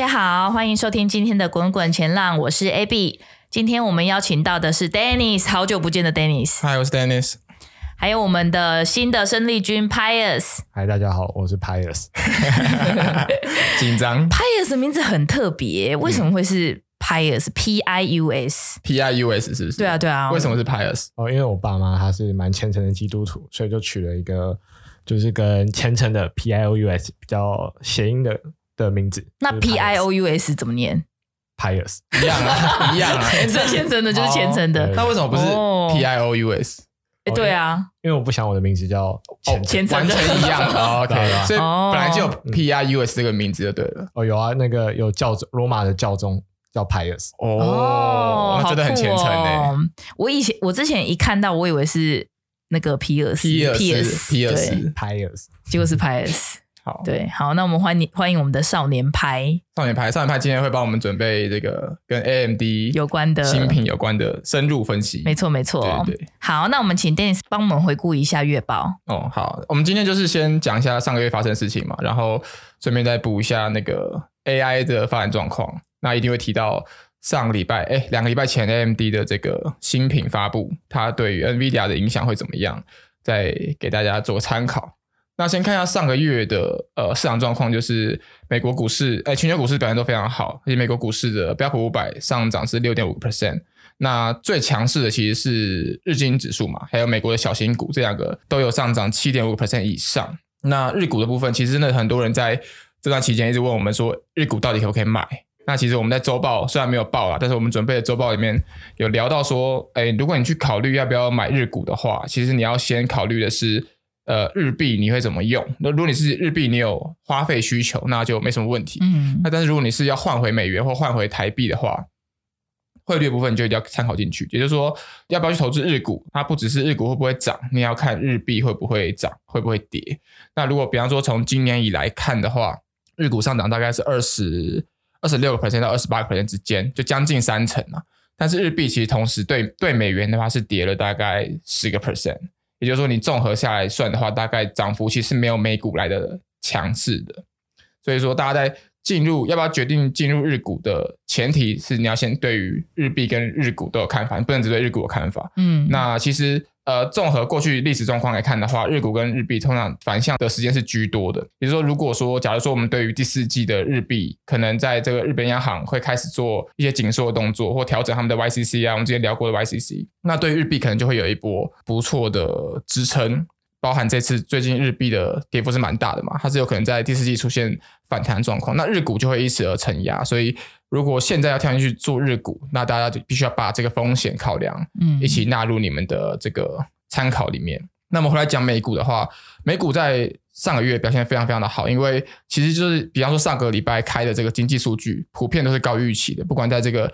大家好，歡迎收聽今天的《滾滾前浪》，我是 AB。今天我們邀請到的是 Dennis，好久不見的 Dennis。Hi，我是 Dennis。還有我們的新的生力軍 Pius。Hi，大家好，我是 Pius。緊 張 張。Pius 的名字很特別，為什麼會是 Pius？P、嗯、i u s？P i u s 是不是？對啊，對啊，對啊。為什麼是 Pius？哦，因為我爸媽他是蠻虔誠的基督徒，所以就取了一個就是跟虔誠的 P i u s 比較諧音的。的名字，那 P I O U S 怎麼念？Pius，一樣啊，一樣啊，虔生虔誠的，就是虔誠的。那為什麼不是 P I O U S？對啊，因為我不想我的名字叫虔誠。虔誠，一樣。OK，所以本來就有 P I U S 這個名字就對了。哦，有啊，那個有教宗羅馬的教宗叫 Pius。哦，真的很虔誠誒。我以前我之前一看到，我以為是那個 Pius Pius Pius，結果是 Pius。好對，好，那我們歡迎歡迎我們的少年派，少年派，少年派今天會幫我們準備這個跟 AMD 有關的新品有關的深入分析。嗯、沒錯，沒錯。對，對，好，那我們請 Dennis 幫我們回顧一下月報。哦，好，我們今天就是先講一下上個月發生的事情嘛，然後順便再補一下那個 AI 的發展狀況。那一定會提到上個禮拜，哎，兩個禮拜前 AMD 的這個新品發布，它對於 NVIDIA 的影響會怎麼樣？再給大家做參考。那先看一下上個月的呃市場狀況，就是美國股市哎、欸、全球股市表現都非常好，而且美國股市的標普五百上漲是六點五個 percent。那最強勢的其實是日經指數嘛，還有美國的小型股這兩個都有上漲七點五個 percent 以上。那日股的部分，其實呢很多人在這段期間一直問我們說日股到底可不可以買？那其實我們在周報雖然沒有報啦，但是我們準備的周報裡面有聊到說，哎、欸，如果你去考慮要不要買日股的話，其實你要先考慮的是，呃，日幣你會怎麼用？那如果你是日幣，你有花費需求，那就沒什麼問題。嗯，嗯，那但是如果你是要換回美元或換回台幣的話，匯率部分你就一定要參考進去。也就是說，要不要去投資日股？它不只是日股會不會漲，你要看日幣會不會漲，會不會跌。那如果比方說從今年以來看的話，日股上漲大概是二十二十六個 percent 到二十八個 percent 之間，就將近三成嘛。但是日幣其實同時對對美元的話是跌了大概十個 percent。也就是說，你綜合下來算的話，大概漲幅其實沒有美股來的強勢的。所以說，大家在進入要不要決定進入日股的前提是，你要先對於日幣跟日股都有看法，你不能只對日股有看法。嗯，那其實。呃，綜合過去歷史狀況來看的話，日股跟日幣通常反向的時間是居多的。比如說，如果說，假如說我們對於第四季的日幣，可能在這個日本央行會開始做一些緊縮的動作，或調整他們的 YCC 啊，我們之前聊過的 YCC，那對於日幣可能就會有一波不錯的支撐。包含這次最近日幣的跌幅是蠻大的嘛，它是有可能在第四季出現反彈狀況，那日股就會因此而承壓。所以如果現在要跳進去做日股，那大家就必須要把這個風險考量，一起納入你們的這個參考裡面。嗯。那麼回來講美股的話，美股在上個月表現非常非常的好，因為其實就是比方說上個禮拜開的這個經濟數據，普遍都是高於預期的，不管在這個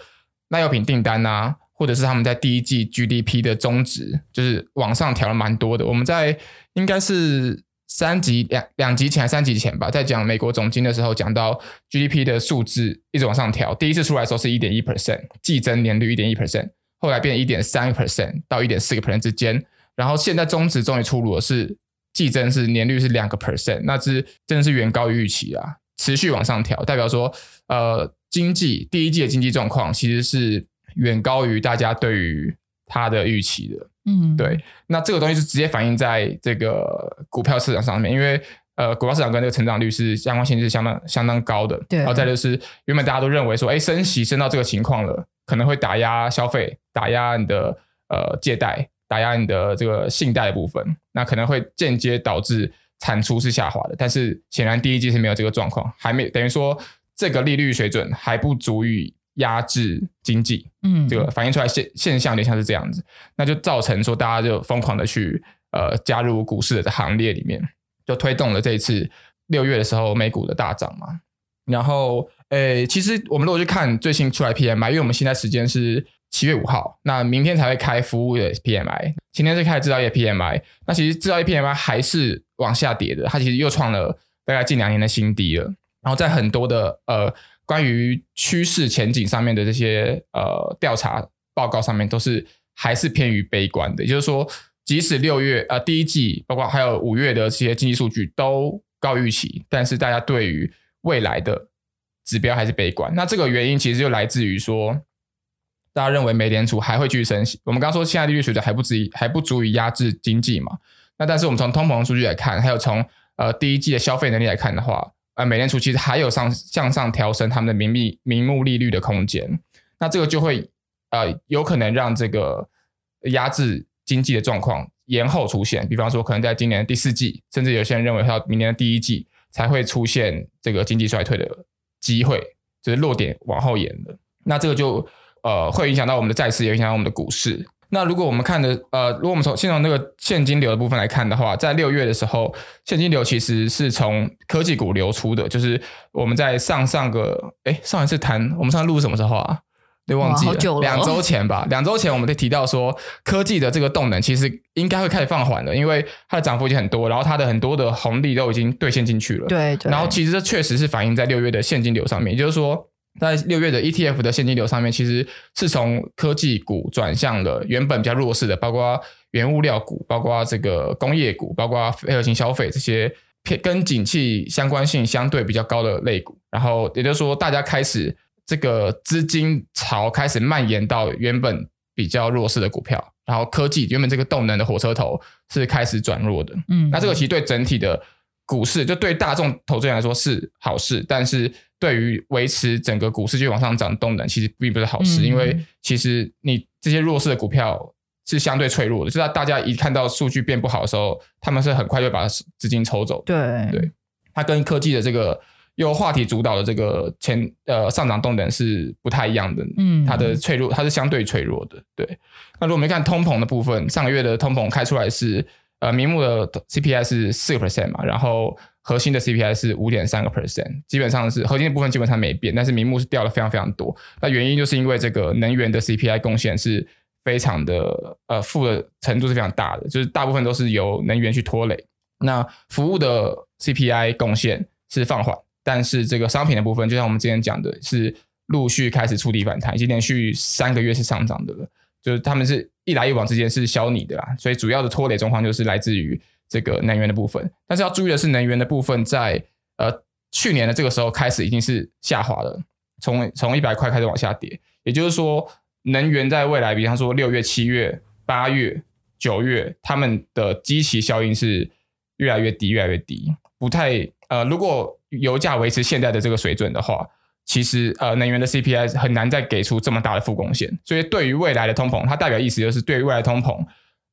耐用品訂單啊。或者是他們在第一季 GDP 的終值就是往上調了蠻多的。我們在應該是三季兩兩季前還三季前吧，在講美國總經的時候，講到 GDP 的數字一直往上調。第一次出來的時候是一點一 percent，季增年率一點一 percent，後來變一點三 percent 到一點四個 percent 之間。然後現在終值終於出爐了，是季增是年率是兩個 percent，那是真的是遠高於預期啊！持續往上調，代表說呃經濟第一季的經濟狀況其實是。遠高於大家對於它的預期的，嗯，對，那這個東西是直接反映在這個股票市場上面，因為呃，股票市場跟這個成長率是相關性是相當相當高的。對，然後再就是原本大家都認為說，哎、欸，升息升到這個情況了，可能會打壓消費，打壓你的呃借貸，打壓你的這個信貸的部分，那可能會間接導致產出是下滑的。但是顯然第一季是沒有這個狀況，還沒等於說這個利率水準還不足以。壓制經濟，嗯，這個反映出來現現象，像是這樣子，那就造成說大家就瘋狂的去呃加入股市的行列裡面，就推動了這一次六月的時候美股的大漲嘛。然後，誒、欸，其實我們如果去看最新出來 PMI，因為我們現在時間是七月五號，那明天才會開服務業 PMI，今天是開制造業 PMI。那其實制造業 PMI 還是往下跌的，它其實又創了大概近兩年的新低了。然後在很多的呃。關於趨勢前景上面的這些呃調查報告上面都是還是偏於悲觀的，也就是說，即使六月呃第一季包括還有五月的這些經濟數據都高預期，但是大家對於未來的指標還是悲觀。那這個原因其實就來自於說，大家認為美聯儲還會繼續升息。我們剛剛說現在利率水準還不足以還不足以壓制經濟嘛。那但是我們從通膨數據來看，還有從呃第一季的消費能力來看的話。呃，美聯儲其實還有上向上調升他們的名利名目利率的空間，那這個就會呃有可能讓這個壓制經濟的狀況延後出現，比方說可能在今年的第四季，甚至有些人認為到明年的第一季才會出現這個經濟衰退的機會，就是落點往後延的，那這個就呃會影響到我們的債市，也影響到我們的股市。那如果我們看的，呃，如果我們從先從那個現金流的部分來看的話，在六月的時候，現金流其實是從科技股流出的，就是我們在上上個，哎、欸，上一次談，我們上次錄什麼時候啊？對，忘記了，兩周前吧。兩周前我們提到說，科技的這個動能其實應該會開始放緩的，因為它的漲幅已經很多，然後它的很多的紅利都已經兌現進去了。對。對，然後其實這確實是反映在六月的現金流上面，也就是說。在六月的 ETF 的現金流上面，其實是從科技股轉向了原本比較弱勢的，包括原物料股、包括這個工業股、包括非核心消費這些跟景氣相關性相對比較高的類股。然後也就是說，大家開始這個資金潮開始蔓延到原本比較弱勢的股票，然後科技原本這個動能的火車頭是開始轉弱的。嗯、嗯，那這個其實對整體的。股市就對大眾投資人來說是好事，但是對於維持整個股市就往上漲動能，其實並不是好事。嗯、因為其實你這些弱勢的股票是相對脆弱的，就是大家一看到數據變不好的時候，他們是很快就把資金抽走的。對對，它跟科技的這個由話題主導的這個前呃上漲動能是不太一樣的。嗯，它的脆弱，它是相對脆弱的。對，那如果沒看通膨的部分，上個月的通膨開出來是。呃，名目的 CPI 是四個 percent 嘛，然後核心的 CPI 是五點三個 percent，基本上是核心的部分基本上沒變，但是名目是掉了非常非常多。那原因就是因為這個能源的 CPI 貢獻是非常的呃，負的程度是非常大的，就是大部分都是由能源去拖累。那服務的 CPI 貢獻是放緩，但是這個商品的部分，就像我們之前講的，是陸續開始觸底反彈，已經連續三個月是上漲的了。就是他們是一來一往之間是消弭的啦，所以主要的拖累狀況就是來自於這個能源的部分。但是要注意的是，能源的部分在呃去年的這個時候開始已經是下滑了，從從一百塊開始往下跌。也就是說，能源在未來，比方說六月、七月、八月、九月，他們的基期效應是越來越低，越來越低，不太呃，如果油價維持現在的這個水準的話，其實，呃，能源的 CPI 很難再給出這麼大的負貢獻，所以對於未來的通膨，它代表意思就是對於未來的通膨，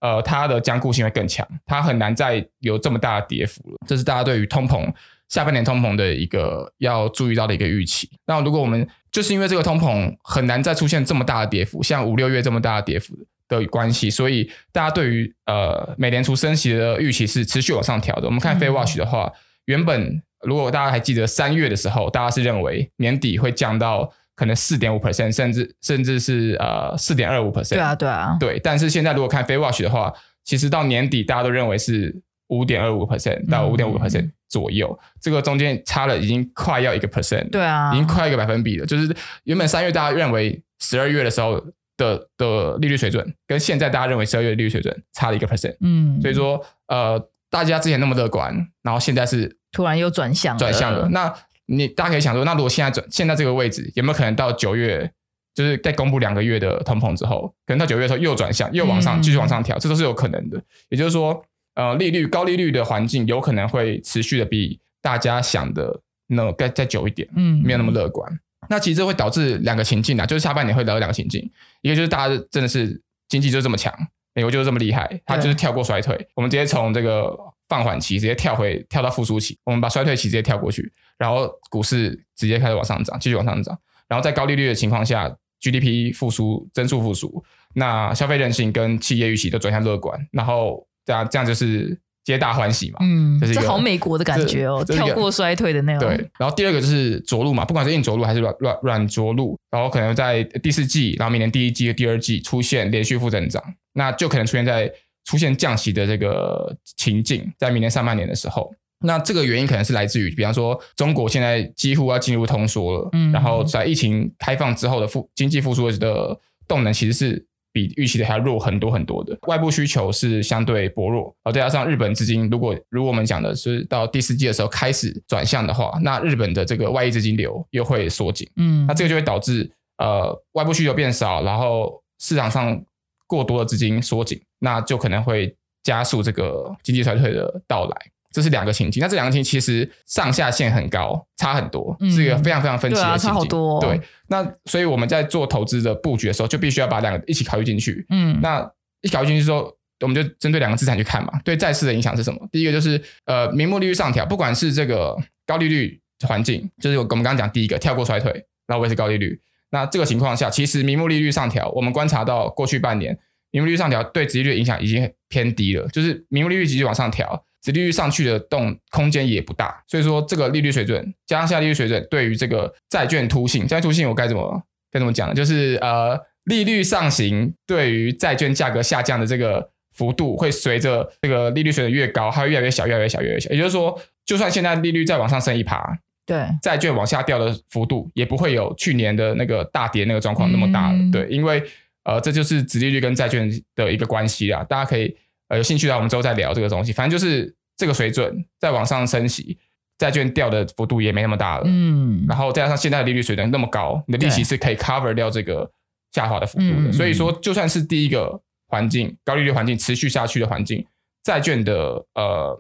呃，它的僵固性會更強，它很難再有這麼大的跌幅了。這是大家對於通膨下半年通膨的一個要注意到的一個預期。那如果我們就是因為這個通膨很難再出現這麼大的跌幅，像五六月這麼大的跌幅的關係，所以大家對於呃美聯儲升息的預期是持續往上調的。我們看 FedWatch 的話，嗯、原本。如果大家還記得三月的時候，大家是認為年底會降到可能四點五 percent，甚至甚至是呃四點二五 percent。對啊，對啊，對。但是現在如果看 FedWatch 的話，其實到年底大家都認為是五點二五 percent 到五點五 percent 左右，嗯、這個中間差了已經快要一個 percent。對啊，已經快一個百分比了。就是原本三月大家認為十二月的時候的的利率水準，跟現在大家認為十二月的利率水準差了一個 percent。嗯，所以說呃大家之前那麼樂觀，然後現在是。突然又轉向轉向了，那你大家可以想說，那如果現在轉現在這個位置，有沒有可能到九月，就是在公布兩個月的通膨之後，可能到九月的時候又轉向，又往上繼續往上調，嗯、這都是有可能的。也就是說，呃，利率高利率的環境有可能會持續的比大家想的那該、個、再久一點，嗯，沒有那麼樂觀。嗯、那其實會導致兩個情境啊，就是下半年會聊兩個情境，一個就是大家真的是經濟就這麼強，美國就是這麼厲害，它就是跳過衰退，對我們直接從這個。放緩期直接跳回跳到復甦期，我們把衰退期直接跳過去，然後股市直接開始往上漲，繼續往上漲，然後在高利率的情況下，GDP 復甦增速復甦，那消費韌性跟企業預期都轉向樂觀，然後這樣這樣就是皆大歡喜嘛，嗯，是這是好美國的感覺哦，跳過衰退的那種。對，然後第二個就是着陸嘛，不管是硬着陸還是軟軟軟着陸，然後可能在第四季，然後明年第一季、第二季出現連續負增長，那就可能出現在。出現降息的這個情境，在明年上半年的時候，那這個原因可能是來自於，比方說中國現在幾乎要進入通縮了，嗯，嗯，然後在疫情開放之後的復經濟復甦的動能其實是比預期的還要弱很多很多的，外部需求是相對薄弱，然後、啊、再加上日本資金，如果如我們講的是到第四季的時候開始轉向的話，那日本的這個外溢資金流又會縮緊，嗯，那這個就會導致呃外部需求變少，然後市場上過多的資金縮緊。那就可能會加速這個經濟衰退的到來，這是兩個情景。那這兩個情景其實上下限很高，差很多，是一個非常非常分歧的情景。差很多。對，那所以我們在做投資的布局的時候，就必須要把兩個一起考慮進去。嗯，那一考慮進去之後，我們就針對兩個資產去看嘛。對，債市的影響是什麼？第一個就是呃，名目利率上調，不管是這個高利率環境，就是我們剛剛講第一個跳過衰退，然後我也是高利率。那這個情況下，其實名目利率上調，我們觀察到過去半年，名目利率上調對殖利率的影響已經偏低了，就是名目利率繼續往上調，殖利率上去的動空間也不大，所以說這個利率水準加上現在利率水準，對於這個債券凸性，債券凸性我該怎麼該怎麼講呢？就是呃，利率上行對於債券價格下降的這個幅度，會隨着這個利率水準越高，它會越來越、越來越小，越來越小，越來越小。也就是說，就算現在利率再往上升一趴，對債券往下掉的幅度也不會有去年的那個大跌那個狀況那麼大了，嗯、對，因為。呃，這就是殖利率跟債券的一個關係啦。大家可以呃有興趣的、啊、話，我們之後再聊這個東西。反正就是這個水準再往上升息，債券掉的幅度也沒那麼大了。嗯。然後再加上現在的利率水準那麼高，你的利息是可以 cover 掉這個下滑的幅度的。嗯、所以說，就算是第一個環境、嗯、高利率環境持續下去的環境，債券的呃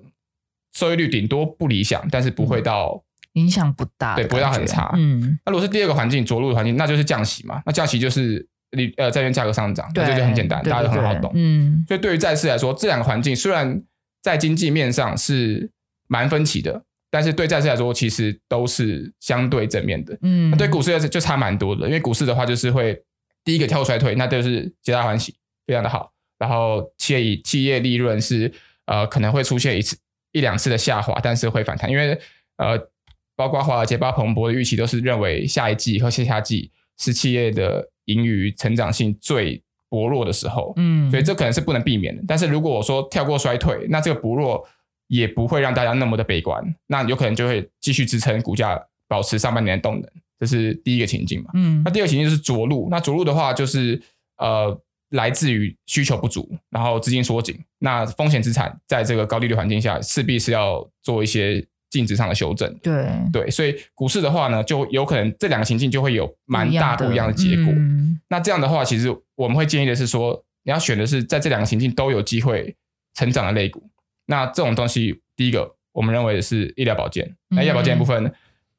收益率頂多不理想，但是不會到、嗯、影響不大，對，不會到很差。嗯。那如果是第二個環境着陸的環境，那就是降息嘛。那降息就是。你呃，債券價格上漲，這對、啊、就，就很簡單，對對對，大家都很好懂。對對對嗯，所以對於債市來說，這兩個環境雖然在經濟面上是蠻分歧的，但是對債市來說，其實都是相對正面的。嗯、啊，對股市來說就差蠻多的，因為股市的話就是會第一個跳衰退，那就是皆大歡喜，非常的好。然後企業以企業利潤是呃可能會出現一次一兩次的下滑，但是會反彈，因為呃包括華爾街、巴彭博的預期都是認為下一季和下下季是企業的盈餘成長性最薄弱的時候，嗯，所以這可能是不能避免的。但是如果我說跳過衰退，那這個薄弱也不會讓大家那麼的悲觀，那有可能就會繼續支撐股價，保持上半年的動能，這是第一個情境嘛，嗯。那第二個情境就是着陸，那着陸的話就是呃，來自於需求不足，然後資金縮緊，那風險資產在這個高利率環境下，勢必是要做一些。淨值上的修正的，對對，所以股市的話呢？就有可能這兩個情境就會有蠻大不一樣的結果。嗯嗯、那這樣的話，其實我們會建議的是說，你要選的是在這兩個情境都有機會成長的類股。那這種東西，第一個我們認為的是醫療保健，嗯、那醫療保健的部分，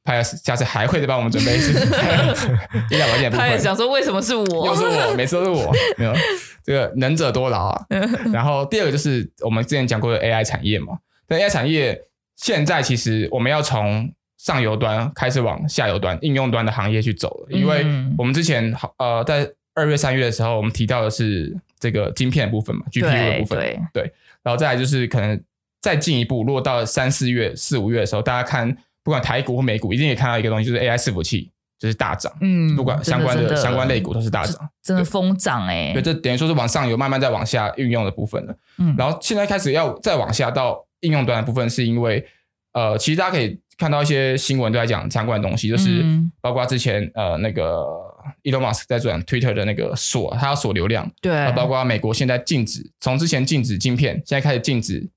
他下次還會再幫我們準備一次 醫療保健的部分。他也想說為什麼是我？又是我，每次都是我，沒有 這個能者多勞啊。 然後第二個就是我們之前講過的 AI 產業嘛，那 AI 產業。現在其實我們要從上游端開始往下游端、應用端的行業去走了，因為我們之前好呃在二月、三月的時候，我們提到的是這個晶片的部分嘛，GPU 的部分，對，然後再來就是可能再進一步落到三四月、四五月的時候，大家看不管台股或美股，一定也看到一個東西，就是 AI 伺服器就是大漲，嗯，不管相關的相關類股都是大漲，真的瘋漲哎，對，這等於說是往上游慢慢再往下運用的部分了，嗯，然後現在開始要再往下到。應用端的部分是因為，呃，其實大家可以看到一些新聞都在講相關的東西，就是包括之前呃那個 Elon Musk 在做 Twitter 的那個鎖，他要鎖流量，對，包括美國現在禁止，從之前禁止晶片，現在開始禁止，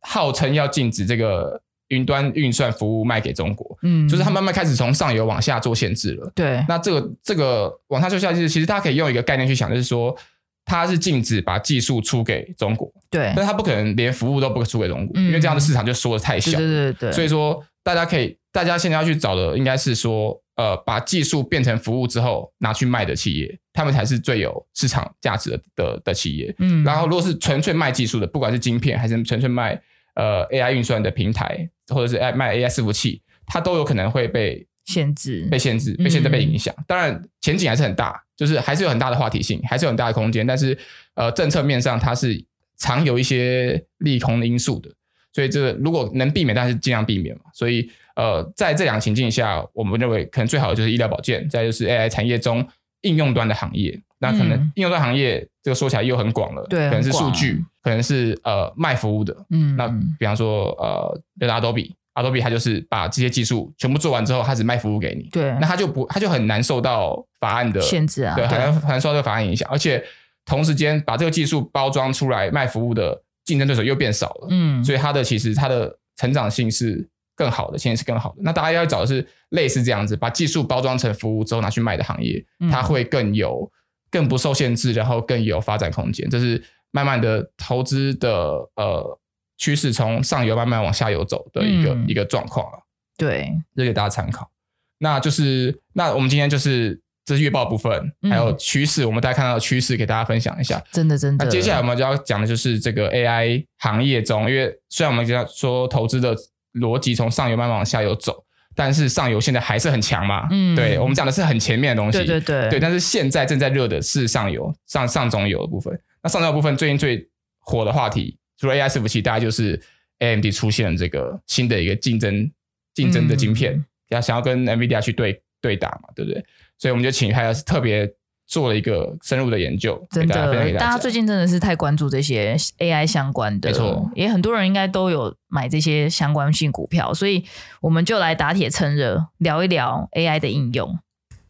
號稱要禁止這個雲端運算服務賣給中國，嗯，就是他慢慢開始從上游往下做限制了，對，那這個這個往下做限制其實大家可以用一個概念去想，就是說。它是禁止把技術出給中國，對，但他它不可能連服務都不出給中國，嗯、因為這樣的市場就縮得太小，對對對對，所以說，大家可以，大家現在要去找的，應該是說，呃，把技術變成服務之後拿去賣的企業，他們才是最有市場價值的的、的企業。嗯，然後如果是純粹賣技術的，不管是晶片還是純粹賣呃 AI 運算的平台，或者是哎賣 AI 伺服器，它都有可能會被限制，被限制、被限制、被限制，被影響。嗯、當然，前景還是很大。就是還是有很大的話題性，還是有很大的空間，但是，呃，政策面上它是常有一些利空的因素的，所以這個如果能避免，但是盡量避免嘛。所以，呃，在這兩個情境下，我們認為可能最好的就是醫療保健，再就是 AI 產業中應用端的行業。嗯、那可能應用端行業這個說起來又很廣了，對，可能是數據，啊、可能是呃賣服務的，嗯，那比方說呃，像 Adobe。Adobe，他就是把這些技術全部做完之後，他只賣服務給你。對，那他就不，他就很難受到法案的限制啊，對，很難很難受到這個法案影響。對而且，同時間把這個技術包裝出來賣服務的競爭對手又變少了，嗯，所以它的其實它的成長性是更好的，現在是更好的。那大家要找的是類似這樣子，把技術包裝成服務之後拿去賣的行業，它會更有、更不受限制，嗯、然後更有發展空間。這是慢慢的投資的呃。趨勢從上游慢慢往下游走的一個、嗯、一個狀況了，對，這給大家參考。那就是，那我們今天就是，這是月報部分，嗯、還有趨勢，我們大家看到的趨勢給大家分享一下。真的真的。那接下來我們就要講的就是這個 AI 行業中，因為雖然我們講說投資的邏輯從上游慢慢往下游走，但是上游現在還是很強嘛。嗯，對，我們講的是很前面的東西，對對對，對。但是現在正在熱的是上游，上、上中游的部分。那上中游部分最近最火的話題。說 AI 伺服器，大家就是 AMD 出現了這個新的一個競爭競爭的晶片，要、嗯、想要跟 NVIDIA 去對對打嘛，對不對？所以我們就請他是特別做了一個深入的研究。真的，大家,大,家大家最近真的是太關注這些 AI 相關的，沒錯，也很多人應該都有買這些相關性股票，所以我們就來打鐵趁熱聊一聊 AI 的應用。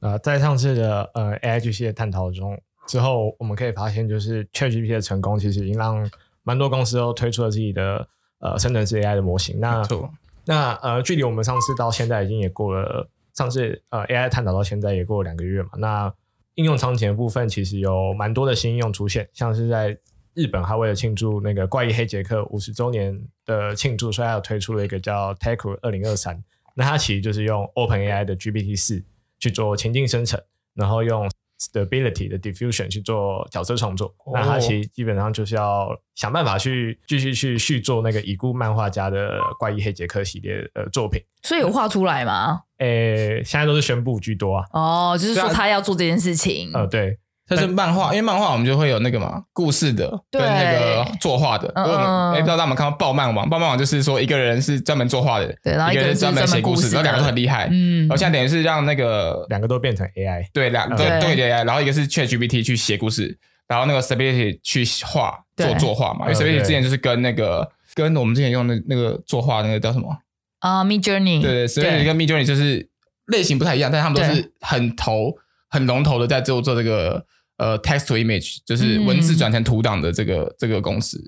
啊、呃，在上次的呃 AI GC 的探討中之後，我們可以發現，就是 ChatGPT 的成功其實已經讓蠻多公司都推出了自己的呃生成式 AI 的模型。那沒錯那呃，距離我們上次到現在已經也過了，上次呃 AI 探討到現在也過了兩個月嘛。那應用場景的部分其實有蠻多的新應用出現，像是在日本，他為了慶祝那個怪醫黑傑克五十周年的慶祝，所以他有推出了一個叫 TEZUKA 二零二三。那他其實就是用 OpenAI 的 GPT 四去做情境生成，然後用。Stability 的 Diffusion 去做角色創作，哦、那他其實基本上就是要想辦法去繼續去續作那個已故漫畫家的怪醫黑傑克系列的作品，所以有畫出來嗎？誒、嗯，欸，現在都是宣布居多啊，哦，就是說他要做這件事情，啊、呃，對。但是漫畫，因為漫畫我們就會有那個嘛，故事的跟那個作畫的。嗯，哎，不知道大家有沒有看到爆漫王？爆漫王就是說一個人是專門作畫的，對，一個人專門寫故事，然後兩個都很厲害。嗯，然後現在等於是讓那個兩個都變成 AI，對，兩個都是 AI。然後一個是 ChatGPT 去寫故事，然後那個 Stability 去畫做作畫嘛。因為 Stability 之前就是跟那個跟我們之前用的那個作畫那個叫什麼啊？Midjourney。對 Stability 跟 Midjourney 就是類型不太一樣，但他們都是很頭很龍頭的在做做這個。呃、uh，text to image，嗯、就是文字轉成圖檔的這個、嗯、這個公司，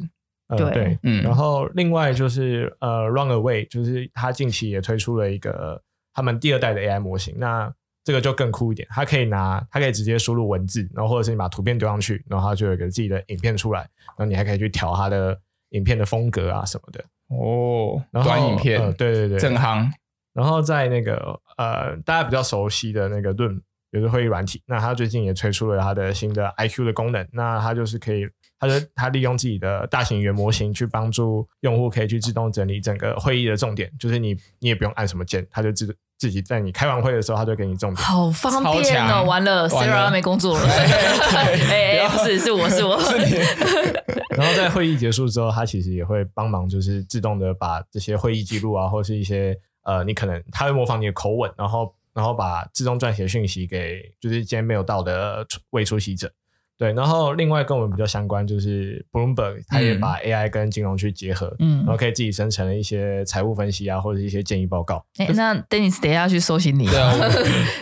呃、對，嗯，然後另外就是呃，Runway，a 就是他近期也推出了一個他們第二代的 AI 模型，那這個就更酷一點，它可以拿，它可以直接輸入文字，然後或者是你把圖片丟上去，然後它就有一個自己的影片出來，然後你還可以去調它的影片的風格啊什麼的，哦，短影片，呃，對對對，對，正夯，然後在那個呃，大家比較熟悉的那個 Run 就是會議軟體，那它最近也推出了它的新的 IQ 的功能，那它就是可以，它就它利用自己的大型語言模型去幫助用戶可以去自動整理整個會議的重點，就是你你也不用按什麼鍵，它就自自己在你開完會的時候，它就給你重點，好方便哦，強完了，Sarah 了沒工作了，哎，不是是我是我，是我 是你 然後在會議結束之後，它其實也會幫忙，就是自動的把這些會議記錄啊，或是一些呃，你可能它會模仿你的口吻，然後。然後把自動撰寫訊息給就是今天沒有到的未出席者，對。然後另外跟我們比較相關就是 Bloomberg，他也把 AI 跟金融去結合，嗯，然後可以自己生成了一些財務分析啊，或者一些建議報告。哎，那 Dennis 等一下去搜尋你。對啊，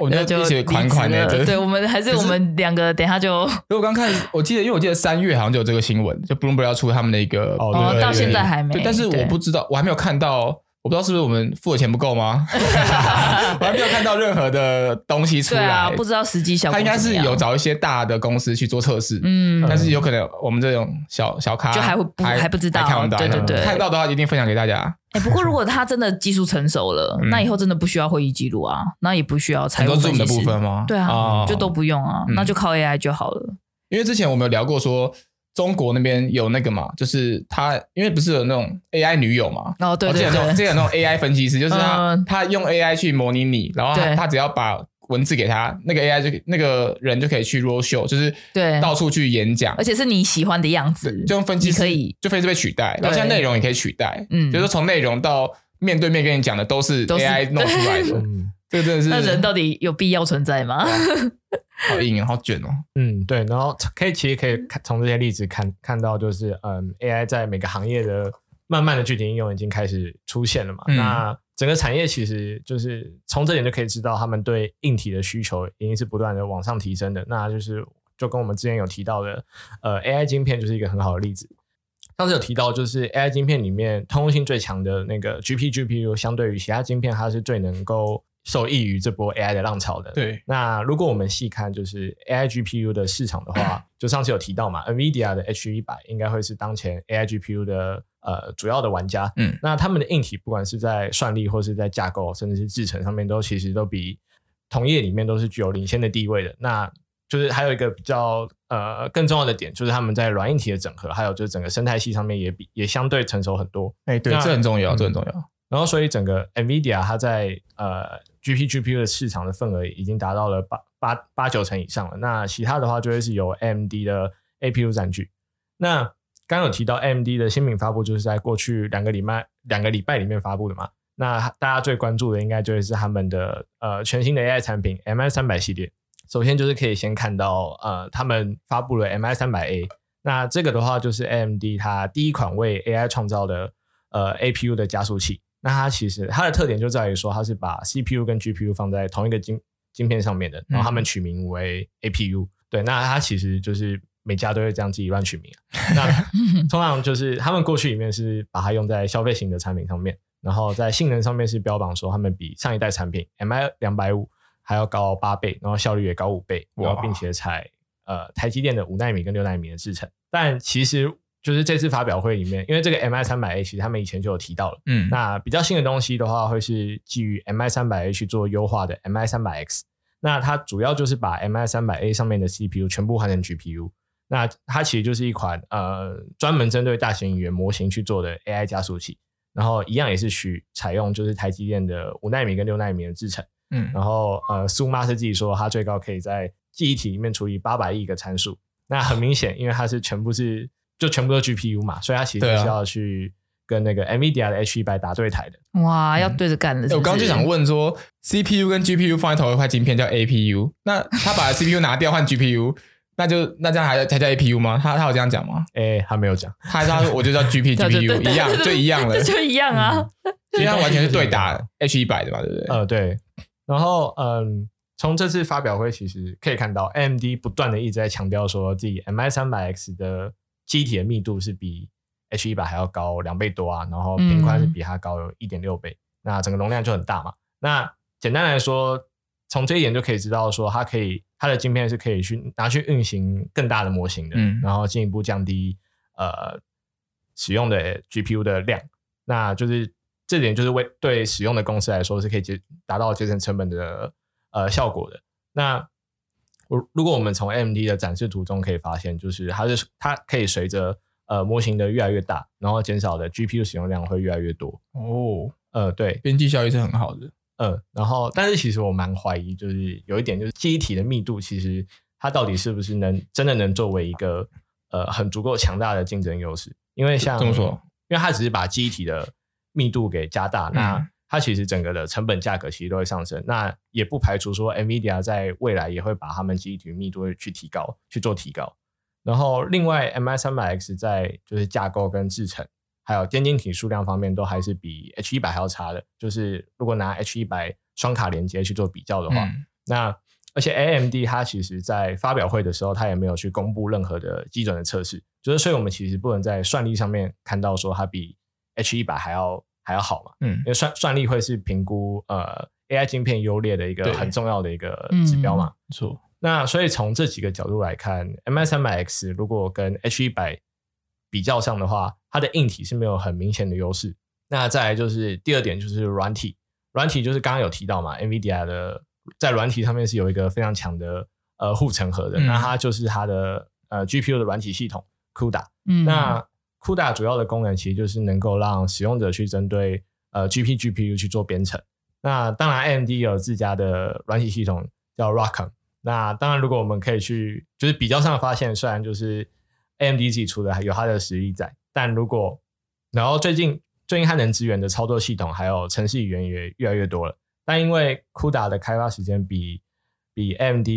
我們就一些款款的。對，我們還是我們兩個等一下就。因為我剛看，我記得，因為我記得三月好像就有這個新聞，就 Bloomberg 要出他們的一個哦，到現在還沒。對，但是我不知道，我還沒有看到。我不知道是不是我們付的錢不夠嗎？我還沒有看到任何的東西出來。對啊，不知道實際想。他應該是有找一些大的公司去做測試。嗯，但是有可能我們這種小小咖，就還會還不知道。對對對，看到的話一定分享給大家。哎，不過如果他真的技術成熟了，那以後真的不需要會議記錄啊，那也不需要財務部門。都是自己的部分嗎？對啊，就都不用啊，那就靠 AI 就好了。因為之前我們有聊過說。中國那邊有那個嘛，就是他，因為不是有那種 AI 女友嘛？哦，oh, 對對對，我記得那種 AI 分析師，就是他， 嗯、他用 AI 去模擬你，然後他,對他只要把文字給他，那個 AI 就那個人就可以去 road show，就是到處去演講，而且是你喜歡的樣子，就用分析師可以，就非是被取代，對然後像內容也可以取代，嗯對，就是從內容到面對面跟你講的都是 AI 弄出來的。 對，真的是那，人到底有必要存在嗎？啊、好硬，好捲哦、喔。 嗯，對。然後可以，其實可以看從這些例子看看到，就是嗯，AI 在每個行業的慢慢的具體應用已經開始出現了嘛。嗯、那整個產業其實就是從這點就可以知道，他們對硬體的需求已經是不斷的往上提升的。那就是就跟我們之前有提到的，呃，AI 晶片就是一個很好的例子。上次有提到，就是 AI 晶片裡面通用性最強的那個 GP GPU，相對於其他晶片，它是最能夠。受益於這波 AI 的浪潮的，對。那如果我們細看就是 AI GPU 的市場的話，嗯、就上次有提到嘛，NVIDIA 的 H 一百應該會是當前 AI GPU 的呃主要的玩家。嗯，那他們的硬體，不管是在算力或是在架構，甚至是製程上面，都其實都比同業裡面都是具有領先的地位的。那就是還有一個比較呃更重要的點，就是他們在軟硬體的整合，還有就是整個生態系上面也比也相對成熟很多。哎，欸、對，這樣，這很重要，這很重要。嗯嗯，然後所以整個 NVIDIA 它在呃。G P G P U 的市場的份額已經達到了八八八九成以上了。那其他的話就會是由 A M D 的 A P U 佔據。那剛有提到 A M D 的新品發布，就是在過去兩個禮拜，兩個禮拜裡面發布的嘛。那大家最關注的應該就是他們的呃全新的 A I 產品 M I 三百系列。首先就是可以先看到呃他們發布了 M I 三百 A，那這個的話就是 A M D 它第一款為 A I 創造的呃 A P U 的加速器。那它其實它的特點就在於說，它是把 CPU 跟 GPU 放在同一個晶晶片上面的，然後他們取名為 APU、嗯。對，那它其實就是每家都會這樣自己亂取名、啊。 那通常就是他們過去裡面是把它用在消費型的產品上面，然後在性能上面是標榜說他們比上一代產品 MI250 還要高八倍，然後效率也高五倍，然後並且採哇呃台積電的五納米跟六納米的制程，但其實。就是這次發表會裡面，因為這個 MI 三百 A 其實他們以前就有提到了，嗯，那比較新的東西的話，會是基於 MI 三百 A 去做優化的 MI 三百 X。那它主要就是把 MI 三百 A 上面的 CPU 全部換成 GPU。那它其實就是一款呃專門針對大型語言模型去做的 AI 加速器。然後一樣也是取採用就是台積電的五納米跟六納米的制程，嗯，然後呃，蘇媽是自己說它最高可以在記憶體裡面處理八百億個參數。那很明顯，因為它是全部是。就全部都是 GPU 嘛，所以它其實是要去跟那個 NVIDIA 的 H 一百打對台的。哇，要對着幹的！我剛剛就想問說，CPU 跟 GPU 放在同一塊晶片叫 APU，那他把 CPU 拿掉換 GPU，那就那這樣還才叫 APU 嗎？他他有這樣講嗎？誒，他沒有講，他還說我就叫 GPGPU，一樣就一樣了，就一樣啊。所以他完全是對打 H 一百的嘛，對不對？呃，對。然後嗯，從這次發表會其實可以看到，AMD 不斷的一直在強調說自己 MI 三百 X 的。記憶體的密度是比 H100 還要高兩倍多啊，然後頻寬是比它高一點六倍，嗯、那整個容量就很大嘛。那簡單來說，從這一點就可以知道，說它可以它的晶片是可以去拿去運行更大的模型的，嗯、然後進一步降低呃使用的 GPU 的量，那就是這點就是為對使用的公司來說是可以節達到節省成、成本的呃效果的。那如果我們從 AMD 的展示圖中可以發現，就是它是它可以隨着呃模型的越來越大，然後減少的 G P U 使用量會越來越多。哦，呃，對，邊際效益是很好的。呃，然後但是其實我蠻懷疑，就是有一點就是記憶體的密度，其實它到底是不是能真的能作為一個呃很足夠強大的競爭優勢？因為像怎麼說？因為它只是把記憶體的密度給加大，那、嗯。它其實整個的成本價格其實都會上升，那也不排除說，NVIDIA 在未來也會把它們晶體密度去提高，去做提高。然後，另外，MI 三百 X 在就是架構跟製程，還有晶體數量方面，都還是比 H 一百還要差的。就是如果拿 H 一百雙卡連接去做比較的話，嗯、那而且 AMD 它其實在發表會的時候，它也沒有去公布任何的基準的測試，就是所以我們其實不能在算力上面看到說它比 H 一百還要。還要好嘛？嗯，因為算算力會是評估呃 AI 晶片優劣的一個很重要的一個指標嘛。錯。嗯、錯那所以從這幾個角度來看，M S 三百 X 如果跟 H 一百比較上的話，它的硬體是沒有很明顯的優勢。那再來就是第二點，就是軟體。軟體就是剛剛有提到嘛，N V D I 的在軟體上面是有一個非常強的呃護城河的。那、呃嗯、它就是它的呃 G P U 的軟體系統 C U D A。嗯。那 CUDA 主要的功能其實就是能夠讓使用者去針對呃 GPGPU 去做編程。那當然，AMD 也有自家的軟體系統叫 ROCm。那當然，如果我們可以去就是比較上發現，雖然就是 AMD 自己出的還有它的實力在，但如果然後最近最近它能支援的操作系統還有程式語言也越來越多了。但因為 CUDA 的開發時間比比 AMD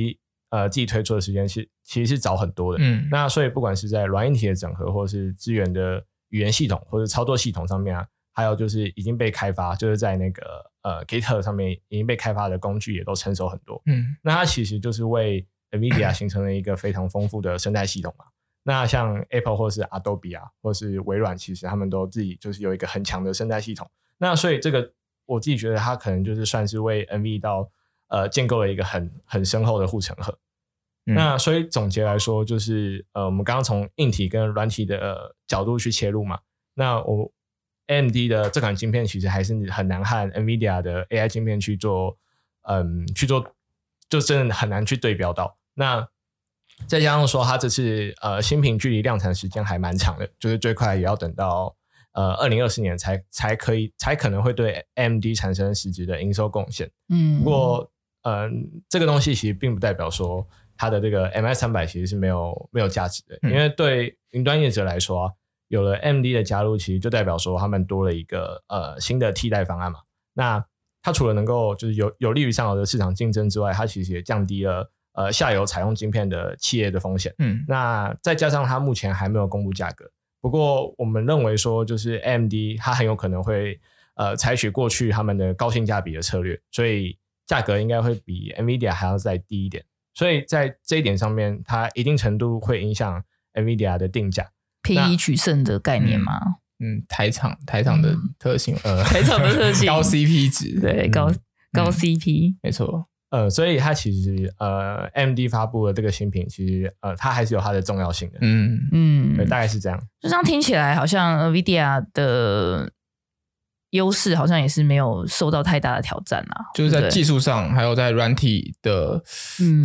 呃，自己推出的時間是其實是早很多的，嗯，那所以不管是在軟硬體的整合，或是資源的語言系統，或者操作系統上面啊，還有就是已經被開發，就是在那個呃 Git 上面已經被開發的工具也都成熟很多，嗯，那它其實就是為 n v i d i a 形成了一個非常豐富的生態系統嘛。那像 Apple 或是 Adobe 啊，或是微軟，其實他們都自己就是有一個很強的生態系統。那所以這個我自己覺得它可能就是算是為 NV 到呃建構了一個很很深厚的護城河。那所以總結來說，就是、嗯、呃，我們剛剛從硬體跟軟體的、呃、角度去切入嘛。那我 A M D 的這款晶片其實還是很難和 Nvidia 的 A I 晶片去做，嗯、呃，去做就真的很難去對標到。那再加上說，它這次呃新品距離量產時間還蠻長的，就是最快也要等到呃二零二四年才才可以，才可能會對 A M D 產生實質的營收貢獻。嗯，不過嗯、呃，這個東西其實並不代表說。它的這個 MS 三百其實是沒有沒有價值的，嗯、因為對雲端業者來說，有了 MD 的加入，其實就代表說他們多了一個呃新的替代方案嘛。那它除了能夠就是有有利於上游的市場競爭之外，它其實也降低了呃下游採用晶片的企業的風險。嗯，那再加上它目前還沒有公布價格，不過我們認為說就是 MD 它很有可能會呃採取過去他們的高性價比的策略，所以價格應該會比 NVIDIA 還要再低一點。所以在這一點上面，它一定程度會影響 NVIDIA 的定價，P E 取勝的概念嗎？嗯，台廠台廠的特性，嗯、呃，台廠的特性 高 CP 值，對，高、嗯、高 CP、嗯、沒錯。呃，所以它其實呃 AMD 發布了這個新品，其實呃，它還是有它的重要性的。嗯嗯，大概是這樣。就這樣聽起來好像 NVIDIA 的。優勢好像也是沒有受到太大的挑戰啊，就是在技術上，對還有在軟體的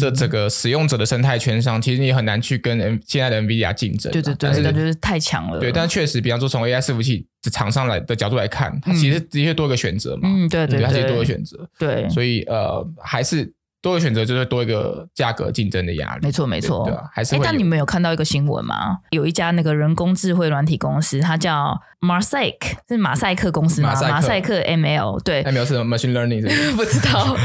這整個使用者的生態圈上，嗯、其實你很難去跟現在的 NVIDIA 競爭。對對對，但是就是太強了。對，但確實，比方說從 AI 伺服器廠商來的角度來看，嗯、它其實的確多個選擇嘛、嗯。對對對，它其實多個選擇。對，所以呃還是。多一個選擇就是多一個價格競爭的壓力。沒錯，沒錯，對啊，還是。欸，但你們有看到一個新聞嗎？有一家那個人工智慧軟體公司，它叫馬賽克，是馬賽克公司嗎？馬賽克 ML 對。ML 是什麼？Machine Learning？不知道。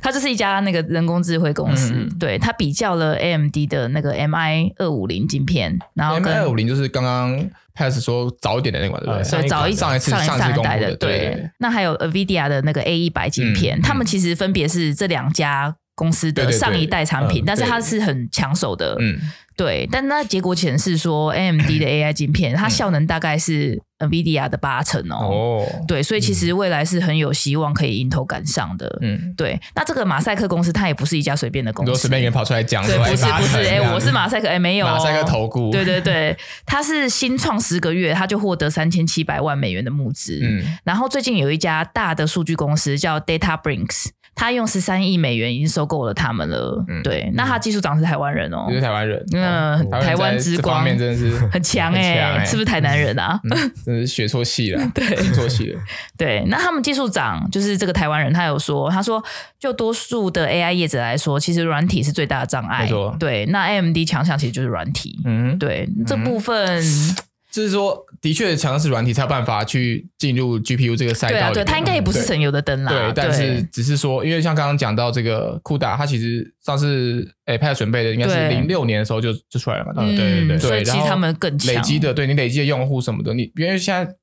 它就是一家那個人工智慧公司。對。它比較了 AMD 的那個 MI 二五零晶片，然後 MI 二五零就是剛剛 Pius 說早一點的那款。對，所以早一上一次上一上一代的對。那還有 NVIDIA 的那個 A 一百晶片，他們其實分別是這兩家。公司的上一代產品，對對對但是它是很搶手的，嗯，對。但那結果顯示說，AMD 的 AI 晶片，咳咳它效能大概是 NVIDIA 的八成哦。哦對，所以其實未來是很有希望可以迎頭趕上的，嗯，對。那這個馬賽克公司，它也不是一家隨便的公司，隨便有人跑出來講出來，對不是不是、欸，我是馬賽克，哎、欸，沒有、哦、馬賽克投顧，對對對，它是新創十個月，它就獲得三千七百萬美元的募資，嗯，然後最近有一家大的數據公司叫 Databricks。他用十三億美元已經收購了他們了，嗯、對。那他技術長是台灣人哦、喔，就是台灣人。嗯，對，台灣之光真的是很強哎、欸，強欸、是不是台南人啊？嗯，是學錯系了，對，錯系了。對，那他們技術長就是這個台灣人，他有說，他說就多數的 AI 業者來說，其實軟體是最大的障礙。沒錯，對。那 AMD 強項其實就是軟體，嗯，對這部分。嗯就是說，的確，強的是軟體，才有辦法去進入 GPU 這個賽道個，對、啊、對，他應該也不是省油的燈啦、嗯。對，但是只是說，因為像剛剛講到這個 CUDA，它其實上次 iPad 準備的應該是零六年的時候就對就出來了嘛。對、嗯、對對對。累積他們更強。累積的，對，你累積的用戶什麼的，你因為現在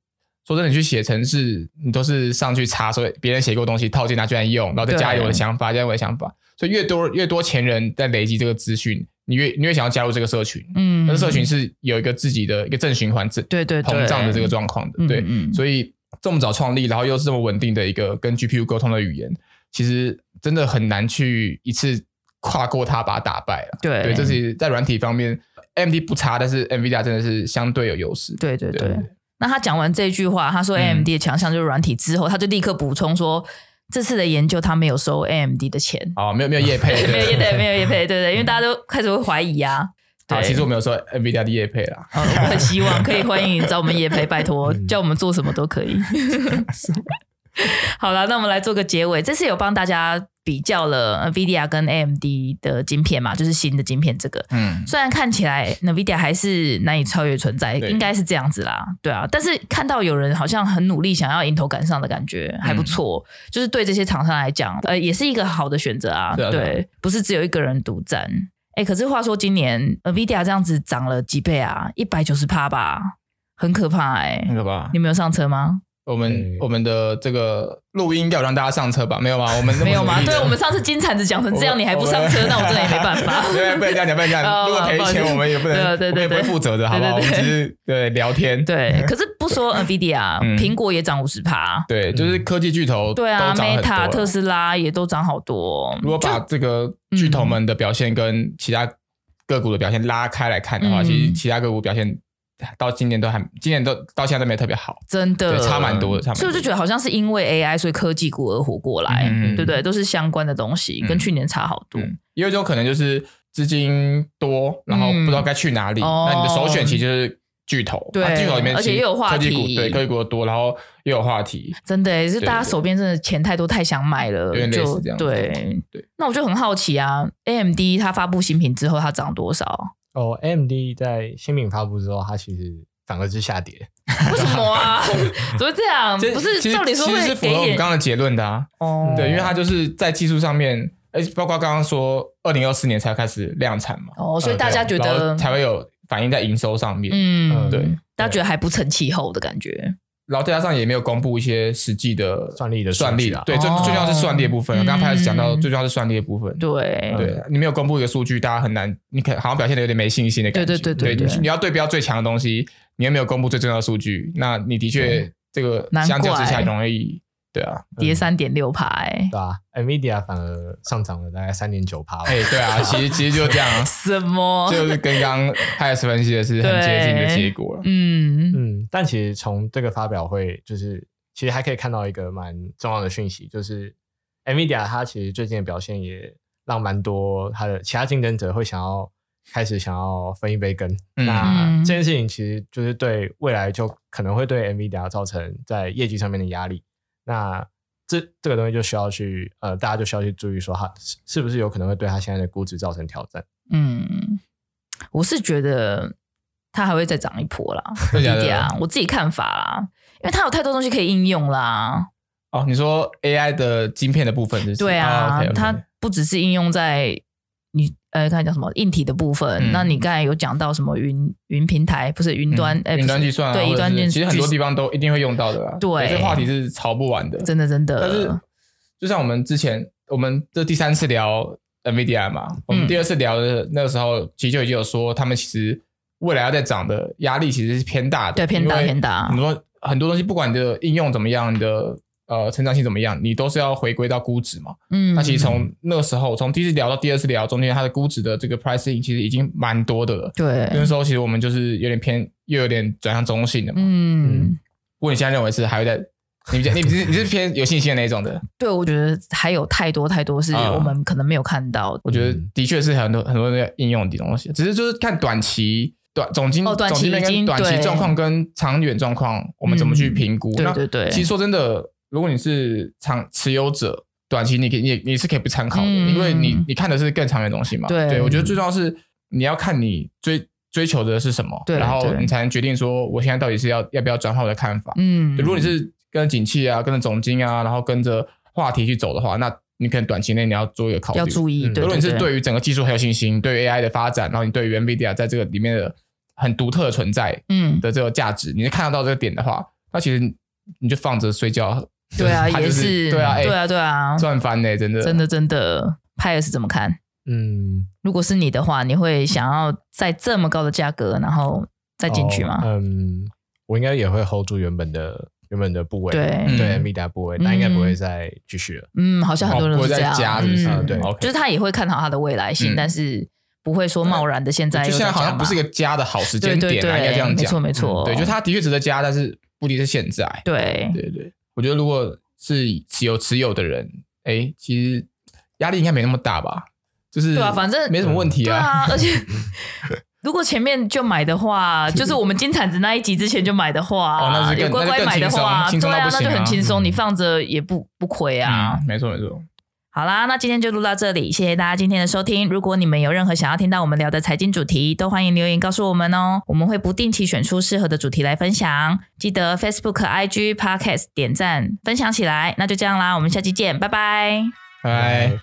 說真的，你去寫程式，你都是上去查，所以別人寫過東西套件拿出來用，然後再加油我的想法，對加油我的想法，所以越多越多前人在累積這個資訊。你越你越想要加入這個社群，嗯，那社群是有一個自己的一個正循環，正對對,對膨脹的這個狀況的，嗯、對，嗯，所以這麼早創立，然後又是這麼穩定的一個跟 G P U 溝通的語言，其實真的很難去一次跨過它把它打敗了、啊，對，對，這是在軟體方面，A M D 不差，但是 N V D A 真的是相對有優勢，對對對。對對對那他講完這句話，他說 A M D 的強項就是軟體之後，嗯、他就立刻補充說。這次的研究，他沒有收 AMD 的錢哦，沒有沒有業配。沒有業配，對對， 沒有業配，對不對？因為大家都開始會懷疑啊。對。其實我們有收 NVIDIA 的業配啦。 我很希望可以歡迎你找我們業配，拜託叫我們做什麼都可以。 好了，那我們來做個結尾，這次有幫大家。比較了 NVIDIA 跟 AMD 的晶片嘛，就是新的晶片，這個嗯，雖然看起來 NVIDIA 還是難以超越存在，對應該是這樣子啦，對啊，但是看到有人好像很努力想要迎頭趕上的感覺、嗯、還不錯，就是對這些廠商來講，呃，也是一個好的選擇啊，對,啊啊對，不是只有一個人獨占，哎、欸，可是話說今年 NVIDIA 這樣子漲了幾倍啊，一百九十趴吧，很可怕、欸、很可怕，你沒有上車嗎？我們我們的這個錄音要讓大家上車吧？沒有嗎？我們沒有嗎？對，我們上次金鏟子講成這樣，你還不上車，那我真的也沒辦法。對，不能這樣，不能這樣。如果賠錢，我們也不能對對對，也不會負責的，好不好？我們只是對聊天。對，可是不說 NVIDIA，蘋果也漲五十趴。對，就是科技巨頭。對啊，Meta、特斯拉也都漲好多。如果把這個巨頭們的表現跟其他個股的表現拉開來看的話，其實其他個股表現。到今年都還，今年都到現在都沒特別好，真的差蠻多的，差蠻多的。所以我就覺得好像是因為 AI 所以科技股而活過來，嗯、對不對？都是相關的東西，嗯、跟去年差好多。也有種可能就是資金多，然後不知道該去哪裡，嗯哦、那你的首選其實就是巨頭，對、啊、巨頭裡面，而且又有話題，科技股對科技股多，然後又有話題，真的也、欸、是大家手邊真的錢太多，對對對太多太想買了，就這樣就對對。那我就很好奇啊，AMD 它發布新品之後它漲多少？哦，AMD 在新品發佈之後，它其實反而是下跌。為什麼啊？ 怎麼這樣？實不是，照理說其實會符合我們剛剛結論的啊。哦、嗯，對，因為它就是在技術上面，呃，包括剛剛說二零二四年，才開始量產嘛。哦，所以大家覺得、嗯、才會有反映在營收上面。嗯對，對，大家覺得還不成氣候的感覺。然後再加上也沒有公布一些實際的算力，算力的算力啦，對，哦、最最重要是算力的部分。剛剛開始講到最重要是算力的部分，對對，對 Okay. 你沒有公布一個數據，大家很難，你可好像表現的有點沒信心的感覺。對對對對，對，你要對標最強的東西，你又沒有公布最重要的數據，那你的確這個相較之下容易。對啊，嗯、跌三點六趴，欸、對啊，NVIDIA 反而上漲了大概三點九趴。哎、欸，對啊， 其實其實就這樣， 什麼就是跟剛剛 Pius 分析的是很接近的結果了。嗯嗯，但其實從這個發表會，就是其實還可以看到一個蠻重要的訊息，就是 NVIDIA 它其實最近的表現也讓蠻多它的其他競爭者會想要開始想要分一杯羹。嗯、那這件事情其實就是對未來就可能會對 NVIDIA 造成在業績上面的壓力。那這這個東西就需要去呃，大家就需要去注意，說它是不是有可能會對他現在的估值造成挑戰？嗯，我是覺得它還會再漲一波啦，一點 啊，我自己看法啦，因為它有太多東西可以應用啦。哦，你說 AI 的晶片的部分，就是，對啊，啊 okay, okay. 它不只是應用在你。來看叫什麼硬體的部分，嗯、那你剛才有講到什麼雲雲平台，不是雲端，雲、嗯、欸、端計算，對，雲端計算，其實很多地方都一定會用到的啦，對，對對，這個話題是吵不完的，真的真的。但是就像我們之前，我們這第三次聊 NVDA 嘛，我們第二次聊的那個時候，嗯、其實就已經有說，他們其實未來要再漲的壓力其實是偏大的，對，偏大偏大。你說很多東西，不管你的應用怎麼樣的，你的呃，成長性怎麼樣？你都是要回歸到估值嘛？嗯，那其實從那時候，從第一次聊到第二次聊中間，中間它的估值的這個 pricing 其實已經蠻多的了。對，那時候其實我們就是有點偏，又有點轉向中性的嘛。嗯，不過你現在認為是還會在？你你是你是偏有信心的那一種的？對，我覺得還有太多太多是、呃、我們可能沒有看到的。我覺得的確是很多很多應用的東西，只是就是看短期短總經、哦、短期總經跟短期狀況跟長遠狀況，我們怎麼去評估、嗯？對對對。其實說真的。如果你是長持有者，短期你可、你你是可以不參考的，嗯、因為你你看的是更長遠的東西嘛。對，對我覺得最重要是你要看你追、追求的是什麼，對，然後你才能決定說我現在到底是要、要不要轉換我的看法。嗯對，如果你是跟着景氣啊，跟着總經啊，然後跟着話題去走的話，那你可能短期內你要做一個考慮。要注意。嗯、對如果你是對於整個技術很有信心，對，對，對，對於 AI 的發展，然後你對於 NVIDIA 在這個裡面的很獨特的存在，嗯，的這個價值，嗯、你能看得到這個點的話，那其實你就放着睡覺。對啊，也是對啊，對啊，對啊，賺翻嘞！真的，真的，真的。Pius 怎麼看？嗯，如果是你的話，你會想要在這麼高的價格然後再進去嗎？嗯，我應該也會 hold 住原本的原本的部位，對對，AMD 的部位，那應該不會再繼續了。嗯，好像很多人是這樣，嗯，對，就是他也會看好他的未來性，但是不會說貿然的現在。就現在好像不是一個加的好時間點，應該這樣講，沒錯沒錯。對，就他的確值得加，但是不一定是現在。對對對。我覺得，如果是持有持有的人，誒，其實壓力應該沒那麼大吧？就是對啊，反正沒什麼問題啊。對啊嗯、對啊而且， 如果前面就買的話，就是我們金鏟子那一集之前就買的話，就，哦、乖、乖乖買的話，啊對啊，那就很輕鬆，嗯、你放着也不不虧啊、嗯。沒錯，沒錯。好啦，那今天就錄到這裡，謝謝大家今天的收聽。如果你們有任何想要聽到我們聊的財經主題，都歡迎留言告訴我們哦，我們會不定期選出適合的主題來分享。記得 Facebook、IG、Podcast 點讚分享起來。那就這樣啦，我們下期見，拜拜，拜。